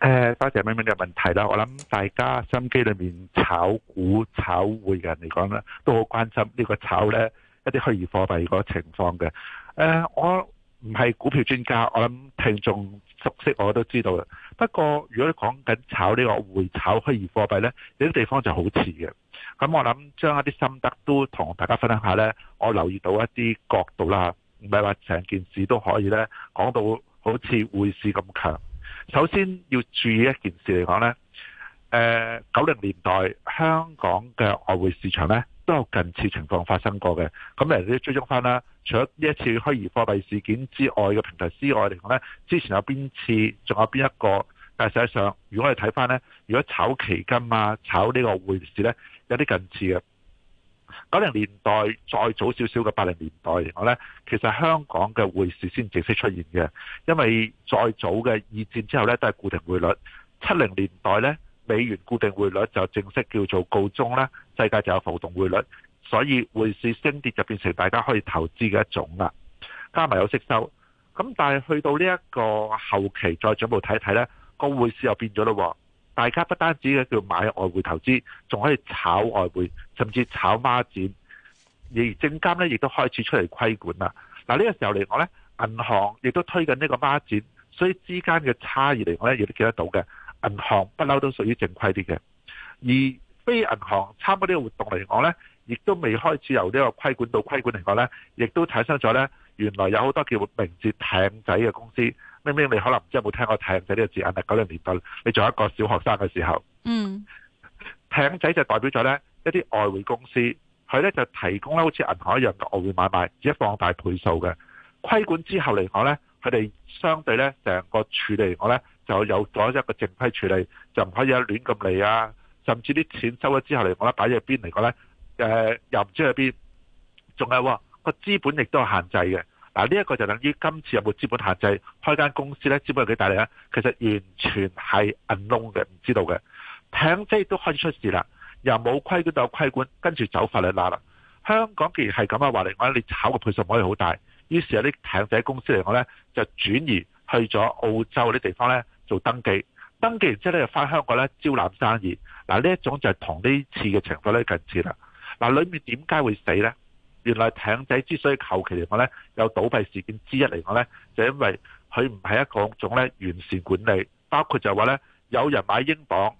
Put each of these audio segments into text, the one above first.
誒、呃，多謝 MinMin 嘅問題啦。我諗大家心機裏面炒股炒匯嘅人嚟講咧，都好關心呢個炒咧一啲虛擬貨幣個情況嘅。誒、呃，我唔係股票專家，我諗聽眾熟悉我都知道嘅。不過如果你講緊炒，這個炒呢個匯炒虛擬貨幣咧，有啲地方就好似嘅。咁我諗將一啲心得都同大家分享下咧。我留意到一啲角度啦，唔係話成件事都可以咧講到好似匯市咁強。首先要注意一件事嚟講呢，誒，九零年代香港嘅外匯市場呢都有近似情況發生過嘅，咁嚟都追蹤翻啦。除咗呢一次虛擬貨幣事件之外嘅平台之外嚟講，呢之前有邊次仲有邊一個。但實際上，如果你睇翻呢，如果炒期金啊、炒呢個匯市呢，有啲近似嘅。九零年代再早少少嘅八零年代嚟講呢，其實香港嘅匯市先正式出現嘅，因為再早嘅二戰之後呢都係固定匯率。七零年代呢美元固定匯率就正式叫做告終啦，世界就有浮動匯率，所以匯市升跌就變成大家可以投資嘅一種啦，加埋有息收。咁但係去到呢一個後期再進一步睇睇呢個匯市又變咗咯。大家不單止叫買外匯投資，仲可以炒外匯，甚至炒孖展。而證監咧亦都開始出嚟規管啦。嗱呢個時候嚟講咧，銀行亦都推緊呢個孖展，所以之間嘅差異嚟講咧，亦都見得到嘅。銀行不嬲都屬於正規啲嘅，而非銀行參加呢個活動嚟講咧，亦都未開始由呢個規管到規管嚟講咧，亦都產生咗咧，原來有好多叫名字艇仔嘅公司。明明你可能即係冇聽過艇仔呢、這個字眼，係九零年代你做一個小學生嘅時候，嗯，艇仔就代表咗呢一啲外匯公司，佢呢就提供呢好似銀行一樣嘅外匯買賣，而家放大倍數嘅。規管之後嚟講呢，佢哋相對呢成個處理嚟呢就有咗一個正規處理，就唔可以一亂咁嚟啊！甚至啲錢收咗之後嚟講呢，擺喺邊嚟講呢，誒、呃、又唔知喺邊，仲係個資本亦都係限制嘅。嗱，呢一個就等於今次有冇資本限制開間公司咧？資本有幾大咧？其實完全係 unknown 嘅，唔知道嘅艇仔都開始出事啦，又冇規管到規管，跟住走法律罅啦啦。香港既然係咁嘅話嚟講，我你炒嘅倍數唔可以好大，於是有啲艇仔公司嚟講咧就轉移去咗澳洲嗰啲地方咧做登記，登記完之後咧就返香港咧招攬生意。嗱，呢一種就係同呢次嘅情況咧近似啦。嗱，裏面點解會死咧？原來艇仔之所以求其嚟講呢，有倒閉事件之一嚟講呢，就因為佢唔係一個一種呢完善管理，包括就係話呢有人買英鎊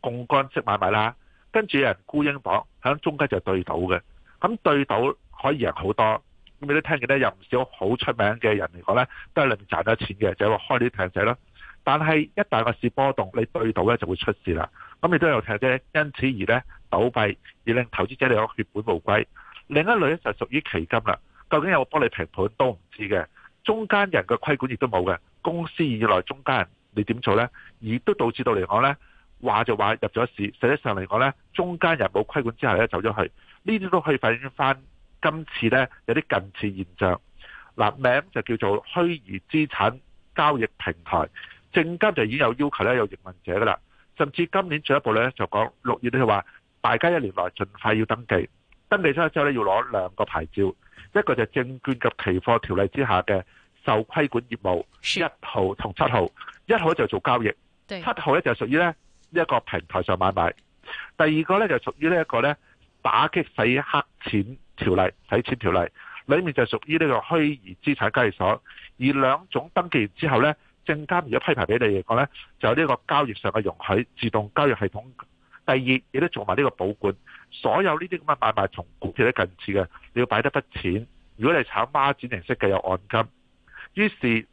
槓桿式買賣啦，跟住有人沽英鎊響中間就對賭嘅，咁對賭可以贏好多咁。你都聽見呢，有唔少好出名嘅人嚟講呢，都係令賺咗錢嘅，就係話開啲艇仔咯。但係一旦個市波動，你對賭呢就會出事啦。咁亦都有艇仔因此而呢，倒閉，而令投資者嚟講血本無歸。另一類咧就屬於期金啦，究竟有冇幫你平盤都唔知嘅，中間人嘅規管亦都冇嘅，公司以來中間人你點做呢？亦都導致到嚟講呢，話就話入咗市，實際上嚟講呢，中間人冇規管之後呢，走咗去，呢啲都可以反映翻今次呢，有啲近似現象。嗱名就叫做虛擬資產交易平台，證監就已經有要求呢，有營運者啦，甚至今年進一步呢，就講六月都咧話大家一年內盡快要登記。登記咗之後咧，要攞兩個牌照，一個就係證券及期貨條例之下嘅受規管業務一號同七號，一號就做交易，七號咧就屬於咧呢一個平台上買賣。第二個咧就屬於呢一個咧打擊洗黑錢條例、洗錢條例裏面就屬於呢個虛擬資產交易所。而兩種登記完之後咧，證監而家批牌俾你嚟講咧，就有呢個交易上嘅容許自動交易系統。第二，亦都做埋呢個保管，所有呢啲咁嘅買賣，賣、同股票都近似嘅，你要擺得筆錢。如果你炒孖展形式嘅有按金，於是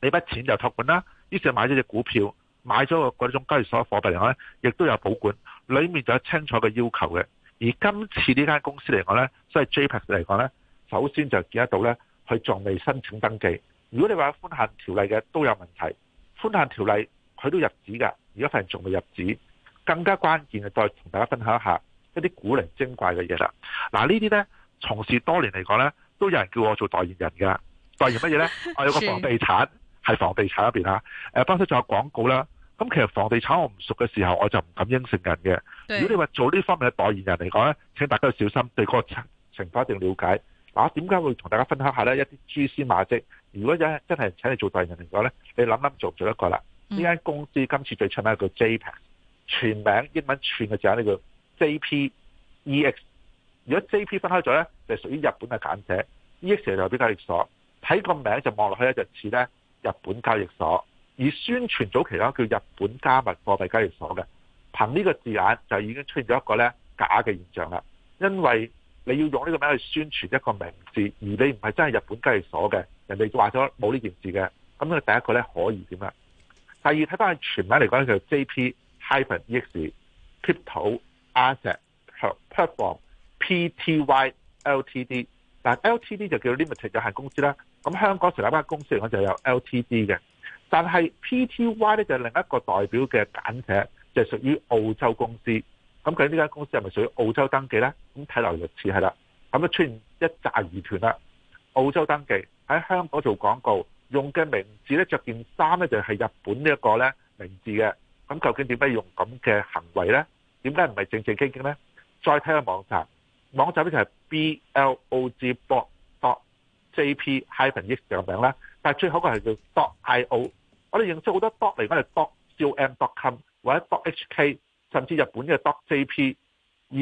你筆錢就託管啦。於是買咗隻股票，買咗個嗰種交易所貨幣嚟講，亦都有保管。裏面就有清楚嘅要求嘅。而今次呢間公司嚟講咧，所以 JPEX 嚟講咧，首先就見得到咧，佢仲未申請登記。如果你話有寬限條例嘅都有問題，寬限條例佢都入紙㗎，而家發現仲未入紙。更加關鍵嘅，再同大家分享一下一啲古靈精怪嘅嘢啦。嗱，呢啲呢，從事多年嚟講呢，都有人叫我做代言人㗎。代言乜嘢呢？我有個房地產，係 房地產入面。嚇。誒，包括仲有廣告啦。咁、嗯、其實房地產我唔熟嘅時候，我就唔敢應承人嘅。如果你話做呢方面嘅代言人嚟講呢，請大家小心，對個情情況一定要了解。嗱，點解會同大家分享下呢？一啲蛛絲馬跡。如果真真係請你做代言人嚟講呢，你諗諗做唔做一個啦？呢、嗯、間公司今次最出名叫 JPEX 全名英文串嘅字眼呢，叫 J.P.E.X. 如果 J.P. 分開咗呢，就係屬於日本嘅簡寫。E.X. 就係比交易所，睇個名字就望落去呢，就似呢日本交易所。而宣傳早期呢，叫日本加密貨幣交易所嘅，憑呢個字眼就已經出現咗一個呢假嘅現象啦。因為你要用呢個名去宣傳一個名字，而你唔係真係日本交易所嘅，人哋就話咗冇呢件事嘅。咁咧第一個呢，可以點啊？第二睇翻係全名嚟講就係 J.P. Hyphen Crypto Asset Platform Pty Ltd，但 LTD 就叫做 limited 有限公司啦。咁香港成立間公司嚟講就有 LTD 嘅，但係 PTY 咧就係另一個代表嘅簡寫，就係、是、屬於澳洲公司。咁佢呢間公司係咪屬於澳洲登記呢？咁睇落嚟就似係啦。咁啊出現一炸疑團啦。澳洲登記喺香港做廣告，用嘅名字咧着件衫咧就係、是、日本呢一個咧名字嘅。咁究竟點解用咁嘅行為咧？點解唔係正正經經咧？再睇下網站，網站呢就係 b l o g dot j p hyphen 印度嘅名啦。但係最後個係叫 dot i o。我哋認識好多 dot 嚟講係 dot u m dot com 或者 dot h k，甚至日本嘅 dot j p。而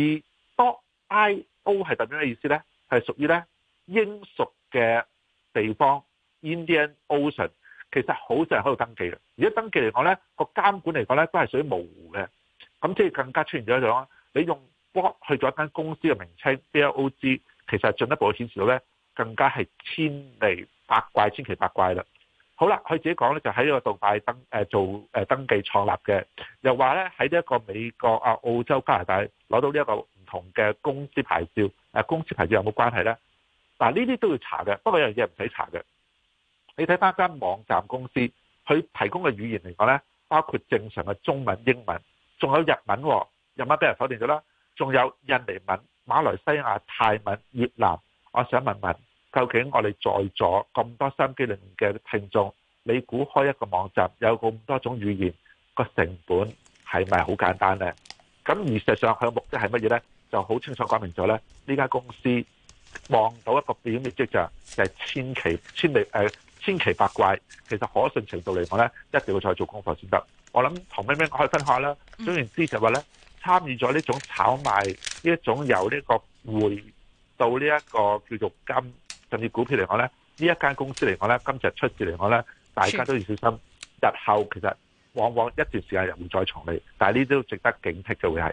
dot i o 係代表咩意思咧？係屬於咧英屬嘅地方 Indian Ocean。其實好少人喺度登記啦。而家登記嚟講咧，個監管嚟講咧都係屬於模糊嘅。咁即係更加出現咗一樣。你用 box 去咗間公司嘅名稱 blog 其實係進一步顯示到咧更加係千奇百怪、千奇百怪啦。好啦，佢自己講咧就喺呢個動態登誒做誒登記創立嘅，又話咧喺呢一個美國啊、澳洲、加拿大攞到呢一個唔同嘅公司牌照、誒公司牌照有冇關係咧？嗱，呢啲都要查嘅。不過有樣嘢唔使查嘅。你睇翻一間網站公司，佢提供嘅語言嚟講呢，包括正常嘅中文、英文，仲有日文，日文俾人否定咗啦，仲有印尼文、馬來西亞泰文、越南。我想問問，究竟我哋在座咁多三幾零嘅聽眾，你估開一個網站有咁多種語言，個成本係咪好簡單呢？咁而實際上佢嘅目的係乜嘢呢？就好清楚講明咗呢，呢間公司望到一個表面嘅跡象，就係、是、千祈千祈。千奇百怪，其實可信程度嚟講咧，一定要再做功課先得。我諗同咩咩，我分享啦。總言之就話咧，參與咗呢種炒賣，呢一種由呢個匯到呢一個叫做金，甚至股票嚟講咧，呢一間公司嚟講咧，今日出事嚟講咧，大家都要小心。日後其實往往一段時間又會再重嚟，但係呢都值得警惕嘅會係。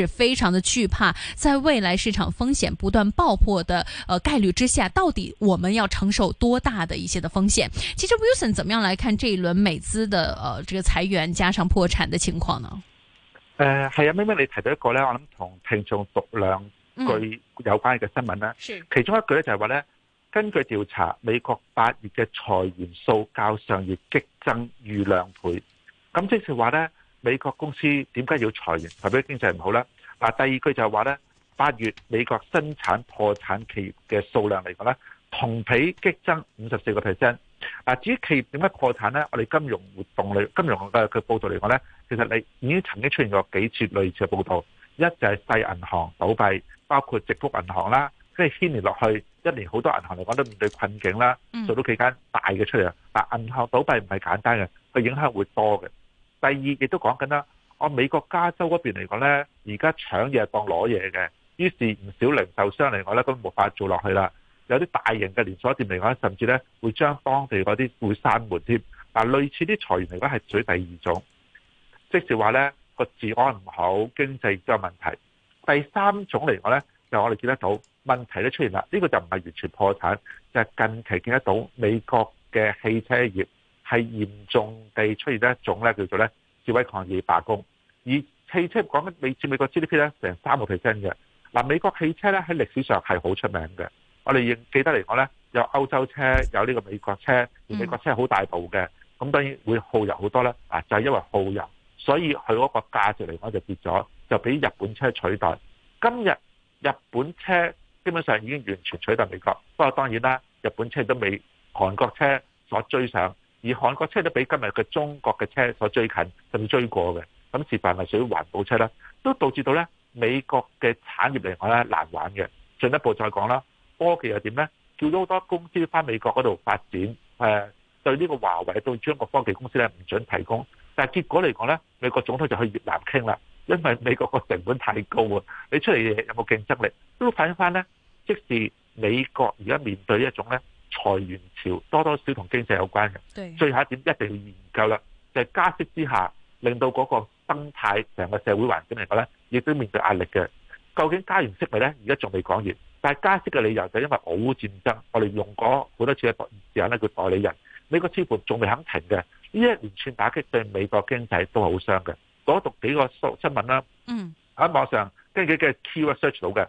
是非常的懼怕，在未來市場風險不斷爆破的呃概率之下，到底我們要承受多大的一些的風險？其實 Wilson 怎麼樣來看這一輪美資的呃這個裁員加上破產的情況呢？呃，係啊，咩咩，你提到一個咧，我諗同聽眾讀兩句有關嘅新聞啦，嗯。其中一句咧就係話咧，根據調查，美國八月嘅裁員數較上月激增逾兩倍，咁即是話咧。美國公司點解要裁員？代表經濟唔好啦。嗱，第二句就係話咧，八月美國生產破產企業嘅數量嚟講咧，同比激增五十四個 percent。至於企業點解破產咧，我哋金融活動裏、金融嘅嘅報道嚟講咧，其實你已經曾經出現過幾次類似嘅報道。一就係細銀行倒閉，包括直福銀行啦，跟住牽連落去，一年好多銀行嚟講都面對困境啦。做到幾間大嘅出嚟啊！銀行倒閉唔係簡單嘅，佢影響會多嘅。第二亦都講緊啦，按美國加州嗰邊嚟講呢，而家搶嘢當攞嘢嘅，於是唔少零售商嚟講呢，都冇法做落去啦。有啲大型嘅連鎖店嚟講，甚至呢會將當地嗰啲會閂門添。但類似啲裁員嚟講係屬於第二種，即係話呢個治安唔好，經濟都有問題。第三種嚟講呢，就我哋見得到問題都出現啦。呢、呢個就唔係完全破產，就係、近期見得到美國嘅汽車業。係嚴重地出現一種咧，叫做咧示威抗議、罷工。而汽車講緊美美國 GDP 咧，成三個 percent 嘅嗱。美國汽車咧喺歷史上係好出名嘅。我哋認記得嚟講咧，有歐洲車，有呢個美國車。美國車好大部嘅，咁當然會耗油好多咧。啊，就係因為耗油，所以佢嗰個價值嚟講就跌咗，就俾日本車取代。今日日本車基本上已經完全取代美國，不過當然啦，日本車亦都未韓國車所追上。而韓國車都比今日嘅中國嘅車所追近，甚至追過嘅，咁示範係屬於環保車啦，都導致到咧美國嘅產業嚟講咧難玩嘅。進一步再講啦，科技又點咧？叫咗好多公司翻美國嗰度發展，誒對呢個華為對中國科技公司咧唔準提供，但係結果嚟講咧，美國總統就去越南傾啦，因為美國個成本太高啊，你出嚟嘢有冇競爭力？都反映翻咧，即使美國而家面對一種咧。裁員潮多多少同經濟有關嘅，最後一點一定要研究啦，就係、是、加息之下，令到嗰個生態成個社會環境嚟講咧，亦都面對壓力嘅。究竟加完息未咧？而家仲未講完，但係加息嘅理由就係因為俄烏戰爭，我哋用過好多次嘅代字眼咧叫代理人，美國支撥仲未肯停嘅，呢一連串打擊對美國經濟都係好傷嘅。嗰度幾個新新聞啦，嗯，喺網上跟住嘅 key search 到嘅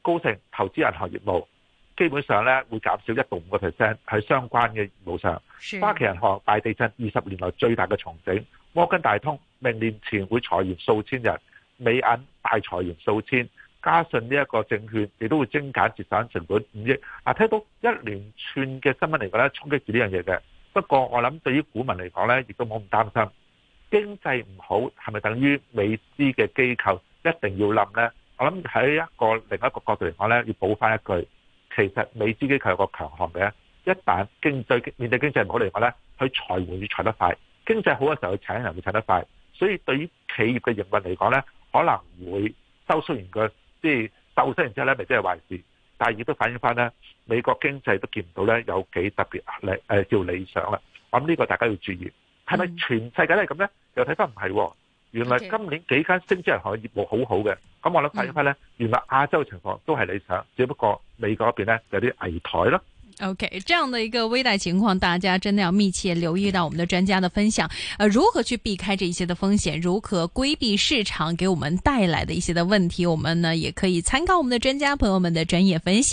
高盛投資銀行業務。基本上咧會減少一到五個 percent 喺相關嘅業務上花旗銀行大地震二十年來最大嘅重整，摩根大通明年前會裁員數千人，美銀大裁員數千，嘉信呢一個證券亦都會精簡節省成本五億。啊，聽到一連串嘅新聞嚟講咧，衝擊住呢樣嘢嘅。不過我諗對於股民嚟講咧，亦都冇咁擔心。經濟唔好係咪等於美資嘅機構一定要冧咧？我諗喺一個另一個角度嚟講咧，要補翻一句。其實美資機構有個強項嘅，一旦經濟面對經濟唔好嚟講呢，佢裁員要裁得快。經濟好嘅時候，佢請人會請得快。所以對於企業嘅營運嚟講呢，可能會收縮完個，即係收縮完之後呢，未必係壞事。但係亦都反映翻呢，美國經濟都見唔到呢有幾特別理誒叫理想啊。咁呢個大家要注意，係咪全世界都係咁呢？又睇翻唔係喎。原來今年幾間升息銀行業務好好嘅，咁我諗睇翻咧，原來亞洲情況都係理想，只不過美國嗰邊咧有啲危殆咯。O、okay, K，這樣的一個危殆情況，大家真的要密切留意到我們的專家的分享。呃，如何去避開這些的風險，如何規避市場給我們帶來的一些的問題，我們呢也可以參考我們的專家朋友們的專業分析。